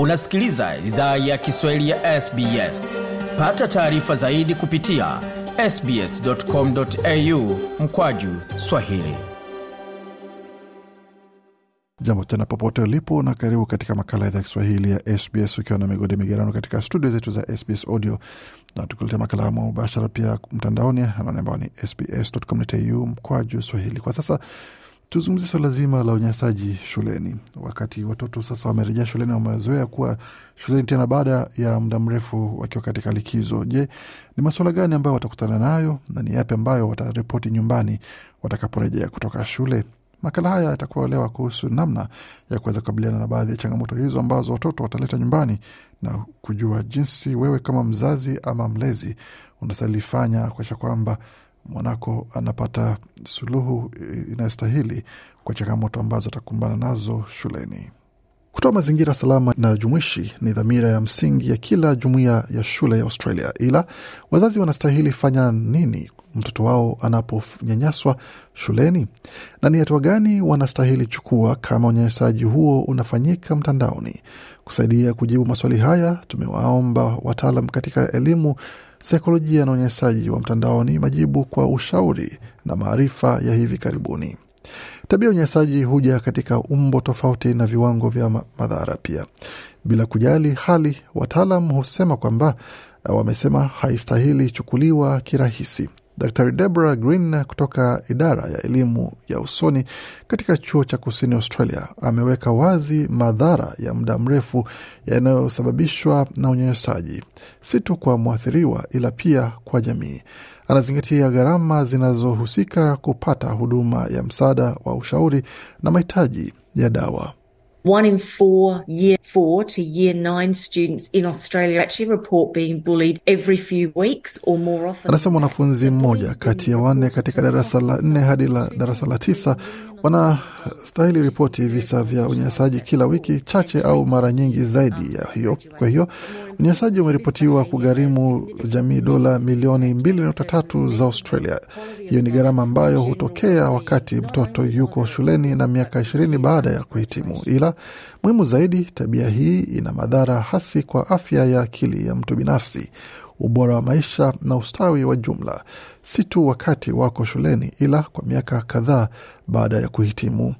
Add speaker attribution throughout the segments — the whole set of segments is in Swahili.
Speaker 1: unasikiliza idhaa ya kiswahili ya sbs pata taarifa zaidi kupitia sbscomau mkwaju swahili jambo tena popote ulipo na karibu katika makala idhaa ya kiswahili ya sbs ukiwa na migodi migerano katika studio zetu za sbs audio na tukulete makala ya mubashara pia mtandaoni anaone ambao ni sbscomau mkwaju swahili kwa sasa Tuzungumzie swala zima la unyanyasaji shuleni. Wakati watoto sasa wamerejea shuleni, wamezoea kuwa shuleni tena baada ya muda mrefu wakiwa katika likizo. Je, ni masuala gani ambayo watakutana nayo na ni yapi ambayo wataripoti nyumbani watakaporejea kutoka shule? Makala haya yatakuwa lewa kuhusu namna ya kuweza kukabiliana na baadhi ya changamoto hizo ambazo watoto wataleta nyumbani na kujua jinsi wewe kama mzazi ama mlezi unasalifanya kuakisha kwamba mwanako anapata suluhu eh, inayostahili kwa changamoto ambazo atakumbana nazo shuleni. Kutoa mazingira salama na jumuishi ni dhamira ya msingi ya kila jumuiya ya shule ya Australia, ila wazazi wanastahili fanya nini mtoto wao anaponyanyaswa shuleni, na ni hatua gani wanastahili chukua kama unyanyasaji huo unafanyika mtandaoni? Kusaidia kujibu maswali haya, tumewaomba wataalam katika elimu saikolojia na unyanyasaji wa mtandaoni, majibu kwa ushauri na maarifa ya hivi karibuni. Tabia ya unyanyasaji huja katika umbo tofauti na viwango vya madhara pia. Bila kujali hali, wataalam husema kwamba wamesema haistahili chukuliwa kirahisi. Dr. Deborah Green kutoka idara ya elimu ya usoni katika chuo cha kusini Australia ameweka wazi madhara ya muda mrefu yanayosababishwa na unyanyasaji, si tu kwa mwathiriwa, ila pia kwa jamii. Anazingatia gharama zinazohusika kupata huduma ya msaada wa ushauri na mahitaji ya dawa. One in four year four to year nine students in Australia actually report being bullied every few weeks or more often. Anasema mwanafunzi mmoja kati ya wanne katika darasa la nne hadi la darasa la tisa wanastahili ripoti visa vya unyanyasaji kila wiki chache au mara nyingi zaidi ya hiyo. Kwa hiyo unyanyasaji umeripotiwa kugharimu jamii dola milioni 2.3 za Australia. Hiyo ni gharama ambayo hutokea wakati mtoto yuko shuleni na miaka ishirini baada ya kuhitimu, ila muhimu zaidi, tabia hii ina madhara hasi kwa afya ya akili ya mtu binafsi, ubora wa maisha na ustawi wa jumla, si tu wakati wako shuleni, ila kwa miaka kadhaa baada ya kuhitimu.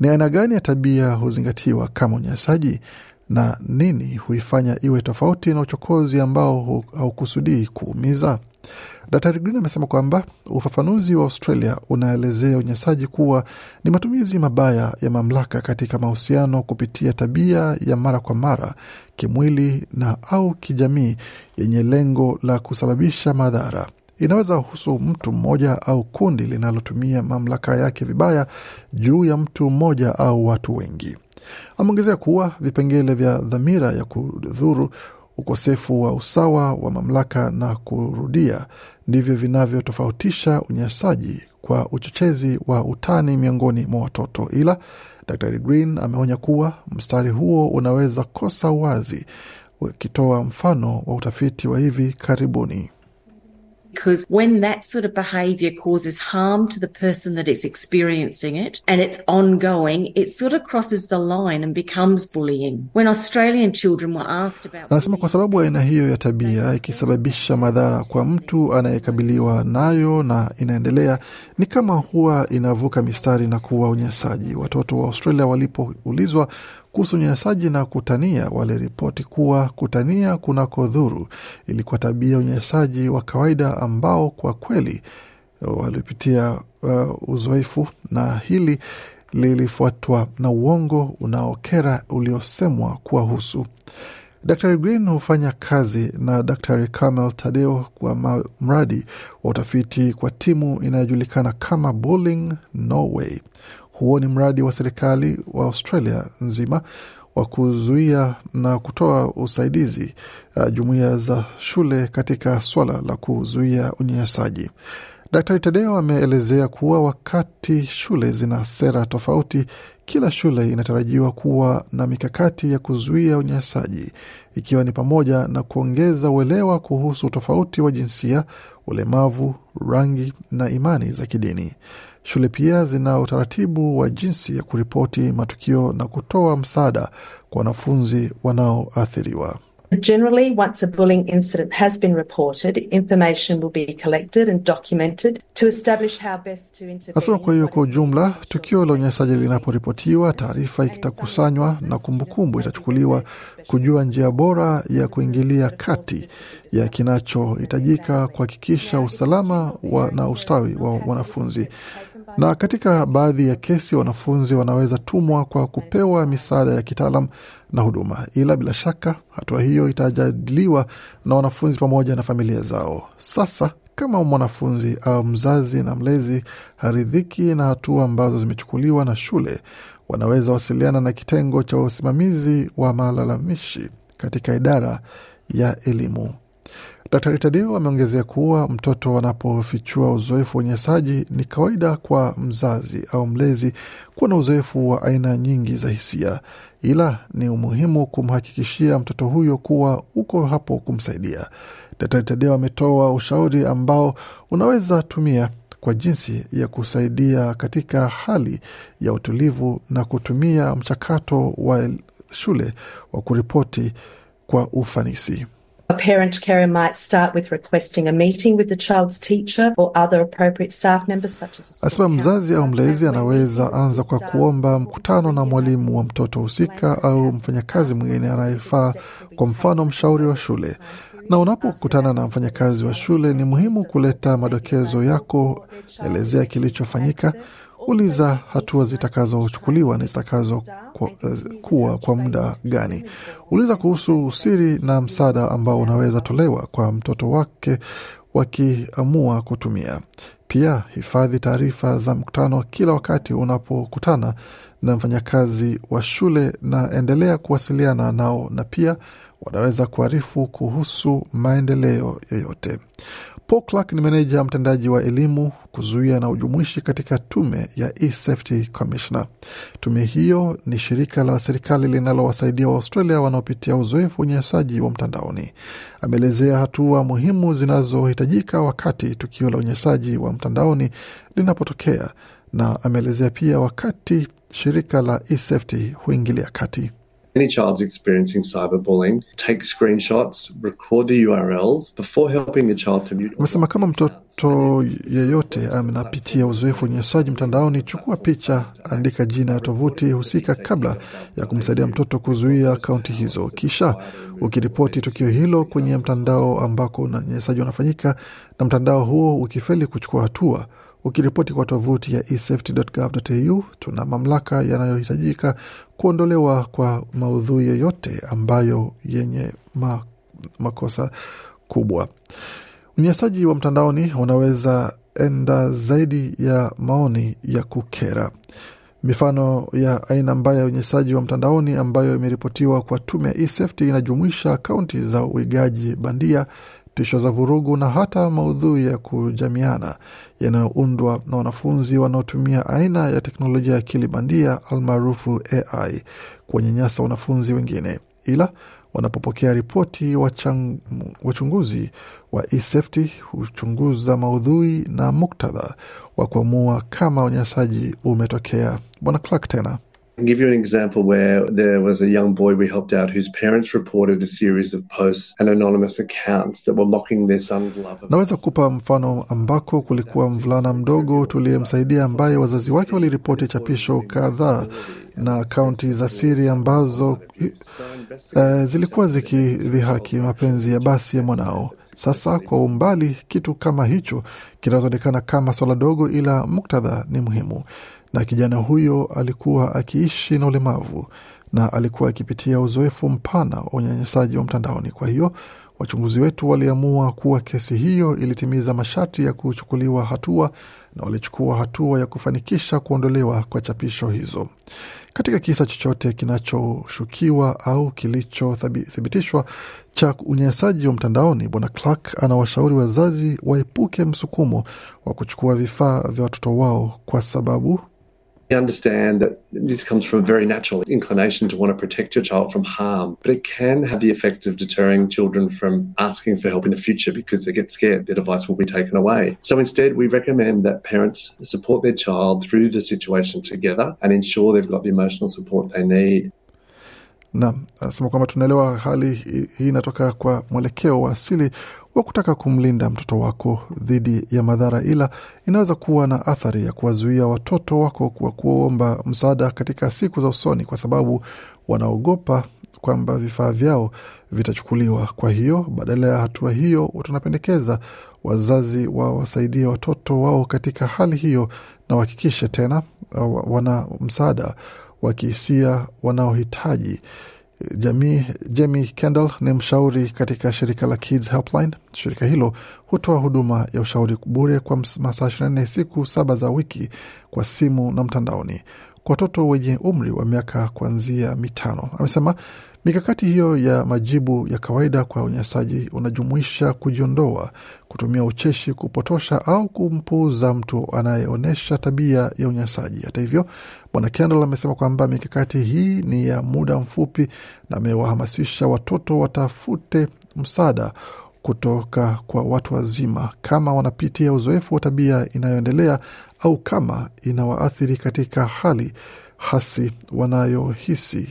Speaker 1: Ni aina gani ya tabia huzingatiwa kama unyanyasaji na nini huifanya iwe tofauti na uchokozi ambao haukusudii kuumiza? Daktari Green amesema kwamba ufafanuzi wa Australia unaelezea unyanyasaji kuwa ni matumizi mabaya ya mamlaka katika mahusiano kupitia tabia ya mara kwa mara kimwili na au kijamii yenye lengo la kusababisha madhara. Inaweza husu mtu mmoja au kundi linalotumia mamlaka yake vibaya juu ya mtu mmoja au watu wengi. Ameongezea kuwa vipengele vya dhamira ya kudhuru ukosefu wa usawa wa mamlaka na kurudia ndivyo vinavyotofautisha unyanyasaji kwa uchochezi wa utani miongoni mwa watoto, ila Dr Green ameonya kuwa mstari huo unaweza kosa wazi, ukitoa mfano wa utafiti wa hivi karibuni because when that sort of behavior causes harm to the person that is experiencing it and it's ongoing, it sort of crosses the line and becomes bullying. When Australian children were asked about... Anasema kwa sababu aina hiyo ya tabia ikisababisha madhara kwa mtu anayekabiliwa nayo na inaendelea, ni kama huwa inavuka mistari na kuwa unyanyasaji. Watoto wa Australia walipoulizwa kuhusu unyanyasaji na kutania waliripoti kuwa kutania kunako dhuru ilikuwa tabia ya unyanyasaji wa kawaida ambao kwa kweli uh, walipitia uh, uzoefu na hili lilifuatwa na uongo unaokera uliosemwa kuwahusu. Dr Green hufanya kazi na Dr Kamel Tadeo kwa mradi wa utafiti kwa timu inayojulikana kama Bowling Norway. Huo ni mradi wa serikali wa Australia nzima wa kuzuia na kutoa usaidizi uh, jumuiya za shule katika swala la kuzuia unyanyasaji. Daktari Tadeo ameelezea kuwa wakati shule zina sera tofauti, kila shule inatarajiwa kuwa na mikakati ya kuzuia unyanyasaji, ikiwa ni pamoja na kuongeza uelewa kuhusu utofauti wa jinsia, ulemavu, rangi na imani za kidini. Shule pia zina utaratibu wa jinsi ya kuripoti matukio na kutoa msaada kwa wanafunzi wanaoathiriwa. Generally, once a bullying incident has been reported, information will be collected and documented to establish how best to intervene. Nasema kwa hiyo, kwa ujumla, tukio la unyanyasaji linaporipotiwa, taarifa itakusanywa na kumbukumbu itachukuliwa kujua njia bora ya kuingilia kati ya kinachohitajika kuhakikisha usalama wa na ustawi wa wanafunzi na katika baadhi ya kesi wanafunzi wanaweza tumwa kwa kupewa misaada ya kitaalam na huduma, ila bila shaka hatua hiyo itajadiliwa na wanafunzi pamoja na familia zao. Sasa kama mwanafunzi au mzazi na mlezi haridhiki na hatua ambazo zimechukuliwa na shule, wanaweza wasiliana na kitengo cha usimamizi wa malalamishi katika idara ya elimu. Daktari Tadeo ameongezea kuwa mtoto anapofichua uzoefu wa unyanyasaji, ni kawaida kwa mzazi au mlezi kuwa na uzoefu wa aina nyingi za hisia, ila ni umuhimu kumhakikishia mtoto huyo kuwa uko hapo kumsaidia. Daktari Tadeo ametoa ushauri ambao unaweza tumia kwa jinsi ya kusaidia katika hali ya utulivu na kutumia mchakato wa shule wa kuripoti kwa ufanisi. A parent carer might start with requesting a meeting with the child's teacher or other appropriate staff members such as Asema mzazi au mlezi anaweza anza kwa kuomba mkutano na mwalimu wa mtoto husika au mfanyakazi mwingine anayefaa, kwa mfano mshauri wa shule. Na unapokutana na mfanyakazi wa shule, ni muhimu kuleta madokezo yako, elezea kilichofanyika, uliza hatua zitakazochukuliwa zitakazo zitakazokuwa eh, kwa muda gani. Uliza kuhusu usiri na msaada ambao unaweza tolewa kwa mtoto wake wakiamua kutumia. Pia hifadhi taarifa za mkutano kila wakati unapokutana na mfanyakazi wa shule, na endelea kuwasiliana nao, na pia wanaweza kuarifu kuhusu maendeleo yoyote. Paul Clark ni meneja mtendaji wa elimu kuzuia na ujumuishi katika tume ya eSafety Commissioner. Tume hiyo ni shirika la serikali linalowasaidia Waaustralia wanaopitia uzoefu unyanyasaji wa mtandaoni. Ameelezea hatua muhimu zinazohitajika wakati tukio la unyanyasaji wa mtandaoni linapotokea, na ameelezea pia wakati shirika la eSafety huingilia kati any child's experiencing cyberbullying, take screenshots, record the URLs before helping the child to mute. Amesema kama mtoto yeyote anapitia uzoefu unyanyasaji mtandaoni, chukua picha, andika jina ya tovuti husika kabla ya kumsaidia mtoto kuzuia akaunti hizo, kisha ukiripoti tukio hilo kwenye mtandao ambako unyanyasaji unafanyika, na mtandao huo ukifeli kuchukua hatua ukiripoti kwa tovuti ya esafety.gov.au. Tuna mamlaka yanayohitajika kuondolewa kwa maudhui yoyote ambayo yenye ma, makosa kubwa. Unyanyasaji wa mtandaoni unaweza enda zaidi ya maoni ya kukera. Mifano ya aina mbaya ya unyanyasaji wa mtandaoni ambayo imeripotiwa kwa tume ya eSafety inajumuisha akaunti za uigaji bandia, tisho za vurugu na hata maudhui ya kujamiana yanayoundwa na wanafunzi wanaotumia aina ya teknolojia ya akili bandia almaarufu AI kuwanyanyasa wanafunzi wengine, ila wanapopokea ripoti wachang, wachunguzi wa eSafety huchunguza maudhui na muktadha wa kuamua kama unyanyasaji umetokea. Bwana Clark tena can give you an example where there was a young boy we helped out whose parents reported a series of posts and anonymous accounts that were mocking their son's love. Naweza kupa mfano ambako kulikuwa mvulana mdogo tuliyemsaidia ambaye wazazi wake waliripoti chapisho kadhaa na akaunti za siri ambazo uh, zilikuwa zikidhihaki mapenzi ya basi ya mwanao. Sasa kwa umbali, kitu kama hicho kinazoonekana kama swala dogo, ila muktadha ni muhimu na kijana huyo alikuwa akiishi na ulemavu na alikuwa akipitia uzoefu mpana wa unyanyasaji wa mtandaoni. Kwa hiyo wachunguzi wetu waliamua kuwa kesi hiyo ilitimiza masharti ya kuchukuliwa hatua na walichukua hatua ya kufanikisha kuondolewa kwa chapisho hizo. Katika kisa chochote kinachoshukiwa au kilichothibitishwa cha unyanyasaji wa mtandaoni, Bwana Clark anawashauri wazazi waepuke msukumo wa kuchukua vifaa vya watoto wao kwa sababu understand that this comes from a very natural inclination to want to protect your child from harm, but it can have the effect of deterring children from asking for help in the future because they get scared their device will be taken away. So instead, we recommend that parents support their child through the situation together and ensure they've got the emotional support they need. Naam, kwamba tunaelewa hali hii inatoka kwa mwelekeo wa asili wa kutaka kumlinda mtoto wako dhidi ya madhara, ila inaweza kuwa na athari ya kuwazuia watoto wako kwa kuomba msaada katika siku za usoni, kwa sababu wanaogopa kwamba vifaa vyao vitachukuliwa. Kwa hiyo badala ya hatua hiyo, tunapendekeza wazazi wawasaidie watoto wao katika hali hiyo na wahakikishe tena uh, wana msaada wa kihisia wanaohitaji jami Jamie Kendall ni mshauri katika shirika la Kids Helpline. Shirika hilo hutoa huduma ya ushauri bure kwa masaa nne siku saba za wiki kwa simu na mtandaoni kwa watoto wenye umri wa miaka kuanzia mitano. Amesema mikakati hiyo ya majibu ya kawaida kwa unyanyasaji unajumuisha kujiondoa kutumia ucheshi kupotosha au kumpuuza mtu anayeonyesha tabia ya unyanyasaji. Hata hivyo, Bwana Kendall amesema kwamba mikakati hii ni ya muda mfupi na amewahamasisha watoto watafute msaada kutoka kwa watu wazima kama wanapitia uzoefu wa tabia inayoendelea au kama inawaathiri katika hali hasi wanayohisi.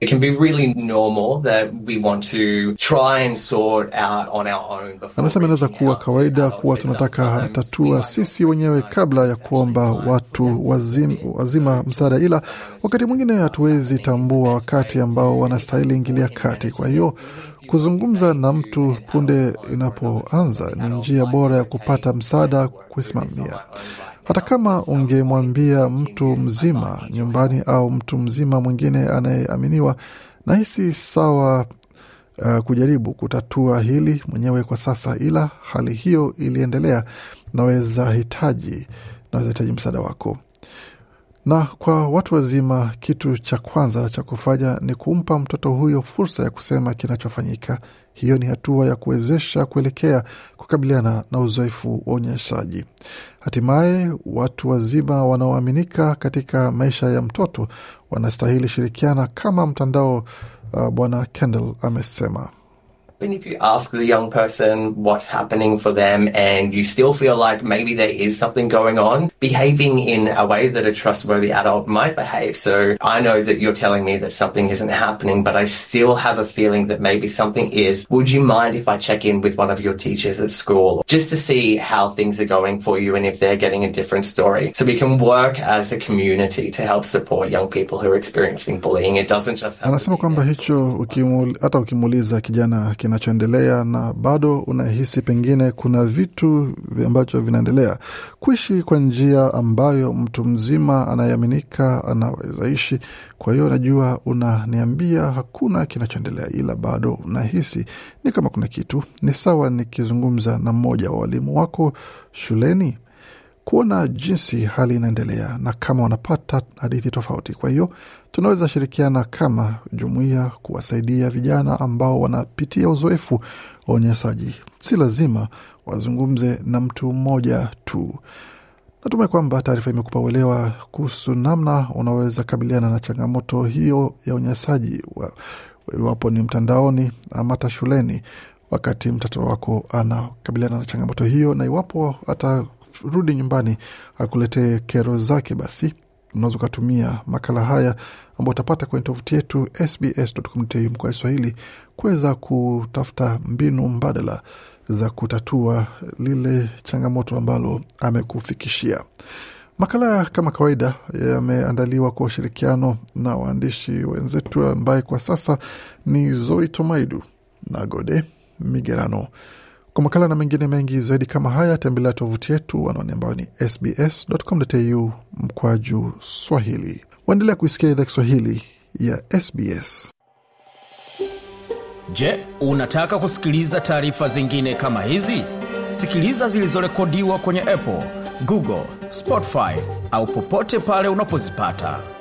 Speaker 1: It can be really normal that we want to try and sort out on our own before. Anasema inaweza kuwa kawaida kuwa tunataka tatua sisi wenyewe kabla ya kuomba watu wazim, wazima msaada, ila wakati mwingine hatuwezi tambua wakati ambao wanastahili ingilia kati. Kwa hiyo kuzungumza na mtu punde inapoanza ni njia bora ya kupata msaada kusimamia hata kama ungemwambia mtu mzima nyumbani au mtu mzima mwingine anayeaminiwa, nahisi sawa uh, kujaribu kutatua hili mwenyewe kwa sasa, ila hali hiyo iliendelea, naweza hitaji naweza hitaji msaada wako. Na kwa watu wazima, kitu cha kwanza cha kufanya ni kumpa mtoto huyo fursa ya kusema kinachofanyika. Hiyo ni hatua ya kuwezesha kuelekea kukabiliana na uzoefu wa unyeshaji. Hatimaye, watu wazima wanaoaminika katika maisha ya mtoto wanastahili shirikiana kama mtandao. Uh, Bwana Kendall amesema. even if you ask the young person what's happening for them and you still feel like maybe there is something going on, behaving in a way that a trustworthy adult might behave. So I know that you're telling me that something isn't happening, but I still have a feeling that maybe something is. Would you mind if I check in with one of your teachers at school just to see how things are going for you and if they're getting a different story? So we can work as a community to help support young people who are experiencing bullying. It doesn't just happen. kinachoendelea na bado unahisi pengine kuna vitu ambacho vinaendelea. Kuishi kwa njia ambayo mtu mzima anayeaminika anaweza ishi. Kwa hiyo najua unaniambia hakuna kinachoendelea, ila bado unahisi ni kama kuna kitu. Ni sawa nikizungumza na mmoja wa walimu wako shuleni kuona jinsi hali inaendelea na kama wanapata hadithi tofauti. Kwa hiyo tunaweza shirikiana kama jumuiya kuwasaidia vijana ambao wanapitia uzoefu wa unyanyasaji. Si lazima wazungumze na mtu mmoja tu. Natumai kwamba taarifa imekupa uelewa kuhusu namna unaweza kabiliana na changamoto hiyo ya unyanyasaji, iwapo ni mtandaoni ama hata shuleni, wakati mtoto wako anakabiliana na changamoto hiyo, na iwapo hata rudi nyumbani akuletee kero zake, basi unaweza ukatumia makala haya ambao utapata kwenye tovuti yetu sbs.com.au kwa Kiswahili kuweza kutafuta mbinu mbadala za kutatua lile changamoto ambalo amekufikishia. Makala kama kawaida yameandaliwa kwa ushirikiano na waandishi wenzetu ambaye kwa sasa ni Zoi Tomaidu na Gode Migerano. Kwa makala na mengine mengi zaidi kama haya, tembelea tovuti yetu anaoni ambayo ni sbs.com.au mkwaju swahili. Waendelea kuisikia idhaa Kiswahili ya SBS. Je, unataka kusikiliza taarifa zingine kama hizi? Sikiliza zilizorekodiwa kwenye Apple, Google, Spotify au popote pale unapozipata.